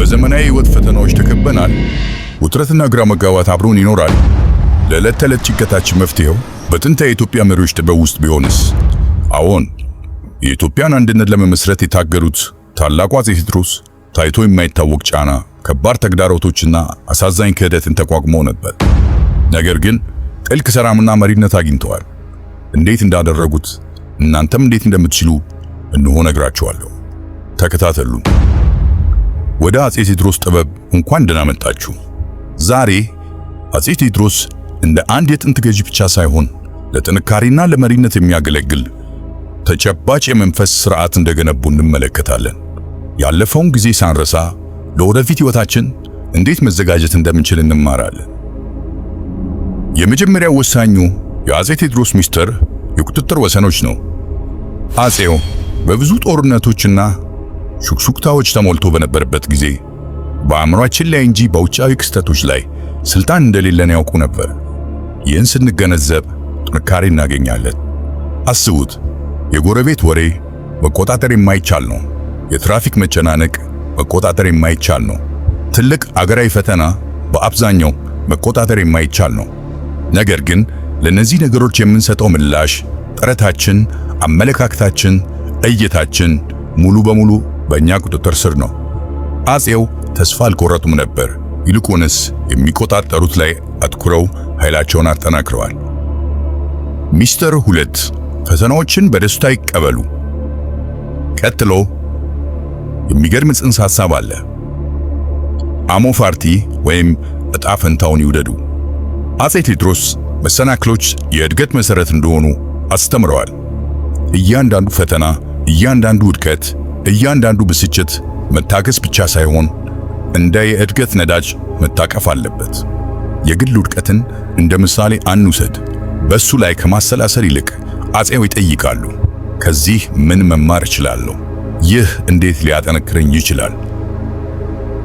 በዘመናዊ ህይወት ፈተናዎች ተከበናል። ውጥረትና ግራ መጋባት አብሮን ይኖራል። ለዕለት ተዕለት ጭንቀታችን መፍትሄው በጥንታ የኢትዮጵያ መሪዎች ጥበብ ውስጥ ቢሆንስ? አዎን፣ የኢትዮጵያን አንድነት ለመመስረት የታገሉት ታላቁ አጼ ቴዎድሮስ ታይቶ የማይታወቅ ጫና፣ ከባድ ተግዳሮቶችና አሳዛኝ ክህደትን ተቋቁመው ነበር። ነገር ግን ጥልቅ ሰላምና መሪነት አግኝተዋል። እንዴት እንዳደረጉት እናንተም እንዴት እንደምትችሉ እንሆ ነግራችኋለሁ። ተከታተሉን። ወደ አጼ ቴዎድሮስ ጥበብ እንኳን ደህና መጣችሁ። ዛሬ አጼ ቴዎድሮስ እንደ አንድ የጥንት ገዢ ብቻ ሳይሆን ለጥንካሬና ለመሪነት የሚያገለግል ተጨባጭ የመንፈስ ሥርዓት እንደገነቡ እንመለከታለን። ያለፈውን ጊዜ ሳንረሳ ለወደፊት ሕይወታችን እንዴት መዘጋጀት እንደምንችል እንማራለን። የመጀመሪያው ወሳኙ የአጼ ቴዎድሮስ ምስጢር የቁጥጥር ወሰኖች ነው። አጼው በብዙ ጦርነቶችና ሹክሹክታዎች ተሞልቶ በነበረበት ጊዜ በአእምሯችን ላይ እንጂ በውጫዊ ክስተቶች ላይ ስልጣን እንደሌለን ያውቁ ነበር። ይህን ስንገነዘብ ጥንካሬ እናገኛለን። አስቡት፣ የጎረቤት ወሬ መቆጣጠር የማይቻል ነው። የትራፊክ መጨናነቅ መቆጣጠር የማይቻል ነው። ትልቅ አገራዊ ፈተና በአብዛኛው መቆጣጠር የማይቻል ነው። ነገር ግን ለእነዚህ ነገሮች የምንሰጠው ምላሽ፣ ጥረታችን፣ አመለካከታችን፣ እይታችን ሙሉ በሙሉ በእኛ ቁጥጥር ስር ነው። አጼው ተስፋ አልቆረጡም ነበር። ይልቁንስ የሚቆጣጠሩት ላይ አትኩረው ኃይላቸውን አጠናክረዋል። ሚስተር ሁለት ፈተናዎችን በደስታ ይቀበሉ። ቀጥሎ የሚገርም ጽንሰ ሐሳብ አለ። አሞፋርቲ ወይም እጣ ፈንታውን ይውደዱ። አጼ ቴዎድሮስ መሰናክሎች የእድገት መሠረት እንደሆኑ አስተምረዋል። እያንዳንዱ ፈተና፣ እያንዳንዱ ውድቀት እያንዳንዱ ብስጭት መታገስ ብቻ ሳይሆን እንደ የእድገት ነዳጅ መታቀፍ አለበት። የግል ውድቀትን እንደ ምሳሌ አንውሰድ። በሱ ላይ ከማሰላሰል ይልቅ አጼው ይጠይቃሉ፣ ከዚህ ምን መማር እችላለሁ? ይህ እንዴት ሊያጠነክረኝ ይችላል?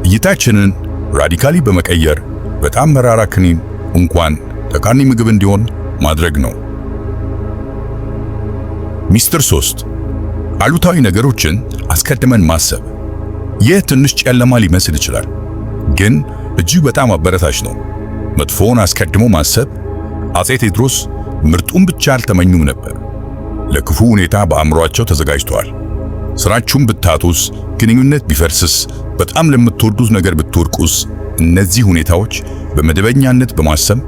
እይታችንን ራዲካሊ በመቀየር በጣም መራራ ክኒን እንኳን ጠቃሚ ምግብ እንዲሆን ማድረግ ነው። ሚስጥር ሶስት አሉታዊ ነገሮችን አስቀድመን ማሰብ። ይህ ትንሽ ጨለማ ሊመስል ይችላል፣ ግን እጅግ በጣም አበረታች ነው። መጥፎውን አስቀድሞ ማሰብ አፄ ቴዎድሮስ ምርጡን ብቻ አልተመኙም ነበር። ለክፉ ሁኔታ በአእምሯቸው ተዘጋጅተዋል። ስራችሁን ብታጡስ፣ ግንኙነት ቢፈርስስ፣ በጣም ለምትወዱት ነገር ብትወድቁስ? እነዚህ ሁኔታዎች በመደበኛነት በማሰብ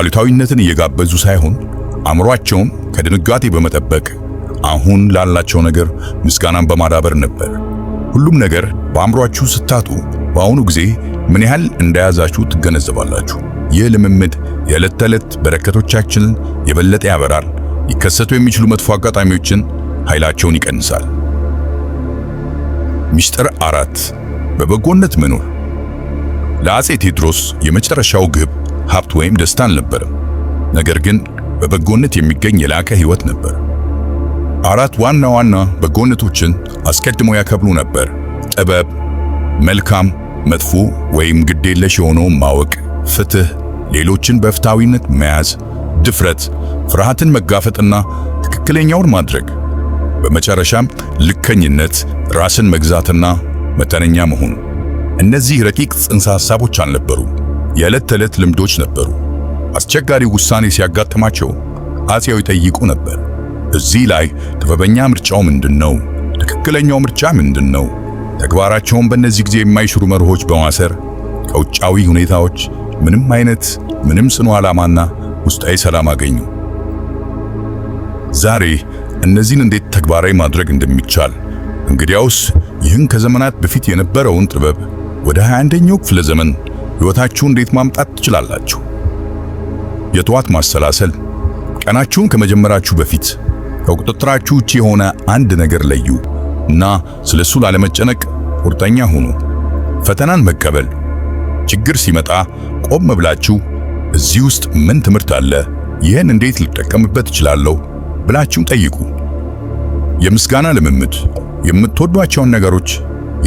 አሉታዊነትን እየጋበዙ ሳይሆን አእምሯቸውም ከድንጋጤ በመጠበቅ አሁን ላላቸው ነገር ምስጋናን በማዳበር ነበር። ሁሉም ነገር በአእምሯችሁ ስታጡ በአሁኑ ጊዜ ምን ያህል እንደያዛችሁ ትገነዘባላችሁ። ይህ ልምምድ የዕለት ተዕለት በረከቶቻችንን የበለጠ ያበራል፣ ሊከሰቱ የሚችሉ መጥፎ አጋጣሚዎችን ኃይላቸውን ይቀንሳል። ምስጢር አራት በበጎነት መኖር። ለአጼ ቴዎድሮስ የመጨረሻው ግብ ሀብት ወይም ደስታ አልነበረም፣ ነገር ግን በበጎነት የሚገኝ የላቀ ሕይወት ነበር። አራት ዋና ዋና በጎነቶችን አስቀድሞ ያከብሩ ነበር። ጥበብ፣ መልካም፣ መጥፎ ወይም ግዴለሽ የሆነውን ማወቅ፣ ፍትህ፣ ሌሎችን በፍትሃዊነት መያዝ፣ ድፍረት፣ ፍርሃትን መጋፈጥና ትክክለኛውን ማድረግ። በመጨረሻም ልከኝነት፣ ራስን መግዛትና መጠነኛ መሆኑ። እነዚህ ረቂቅ ጽንሰ ሐሳቦች አልነበሩ፣ የዕለት ተዕለት ልምዶች ነበሩ። አስቸጋሪ ውሳኔ ሲያጋጥማቸው አጼው ይጠይቁ ነበር እዚህ ላይ ጥበበኛ ምርጫው ምንድን ነው? ትክክለኛው ምርጫ ምንድን ነው? ተግባራቸውን በእነዚህ ጊዜ የማይሽሩ መርሆች በማሰር ከውጫዊ ሁኔታዎች ምንም አይነት ምንም ጽኑ ዓላማና ውስጣዊ ሰላም አገኙ። ዛሬ እነዚህን እንዴት ተግባራዊ ማድረግ እንደሚቻል እንግዲያውስ ይህን ከዘመናት በፊት የነበረውን ጥበብ ወደ 21ኛው ክፍለ ዘመን ሕይወታችሁ እንዴት ማምጣት ትችላላችሁ? የጠዋት ማሰላሰል ቀናችሁን ከመጀመራችሁ በፊት ከቁጥጥራችሁ ውጭ የሆነ አንድ ነገር ለዩ እና ስለ እሱ ላለመጨነቅ ቁርጠኛ ሁኑ። ፈተናን መቀበል። ችግር ሲመጣ ቆም ብላችሁ እዚህ ውስጥ ምን ትምህርት አለ? ይህን እንዴት ልጠቀምበት እችላለሁ? ብላችሁም ጠይቁ። የምስጋና ልምምድ። የምትወዷቸውን ነገሮች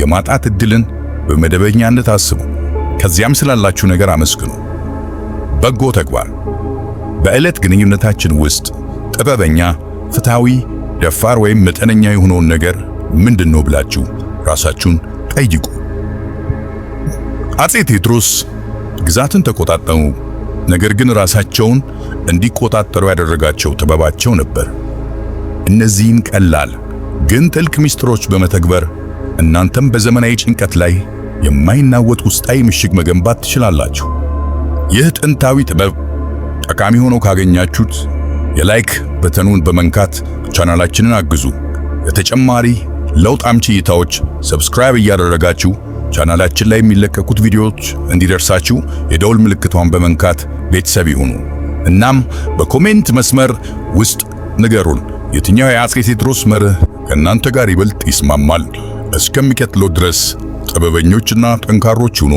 የማጣት እድልን በመደበኛነት አስቡ። ከዚያም ስላላችሁ ነገር አመስግኑ። በጎ ተግባር። በዕለት ግንኙነታችን ውስጥ ጥበበኛ ፍትሐዊ፣ ደፋር ወይም መጠነኛ የሆነውን ነገር ምንድን ነው ብላችሁ ራሳችሁን ጠይቁ። አጼ ቴዎድሮስ ግዛትን ተቆጣጠሙ ነገር ግን ራሳቸውን እንዲቆጣጠሩ ያደረጋቸው ጥበባቸው ነበር። እነዚህን ቀላል ግን ጥልቅ ምስጥሮች በመተግበር እናንተም በዘመናዊ ጭንቀት ላይ የማይናወጥ ውስጣዊ ምሽግ መገንባት ትችላላችሁ። ይህ ጥንታዊ ጥበብ ጠቃሚ ሆኖ ካገኛችሁት የላይክ በተኑን በመንካት ቻናላችንን አግዙ። ለተጨማሪ ለውጥ አምጪ እይታዎች ሰብስክራይብ እያደረጋችሁ ቻናላችን ላይ የሚለቀቁት ቪዲዮዎች እንዲደርሳችሁ የደውል ምልክቷን በመንካት ቤተሰብ ይሁኑ። እናም በኮሜንት መስመር ውስጥ ንገሩን፣ የትኛው የአፄ ቴዎድሮስ መርህ ከእናንተ ጋር ይበልጥ ይስማማል? እስከሚቀጥለው ድረስ ጥበበኞችና ጠንካሮች ሁኑ።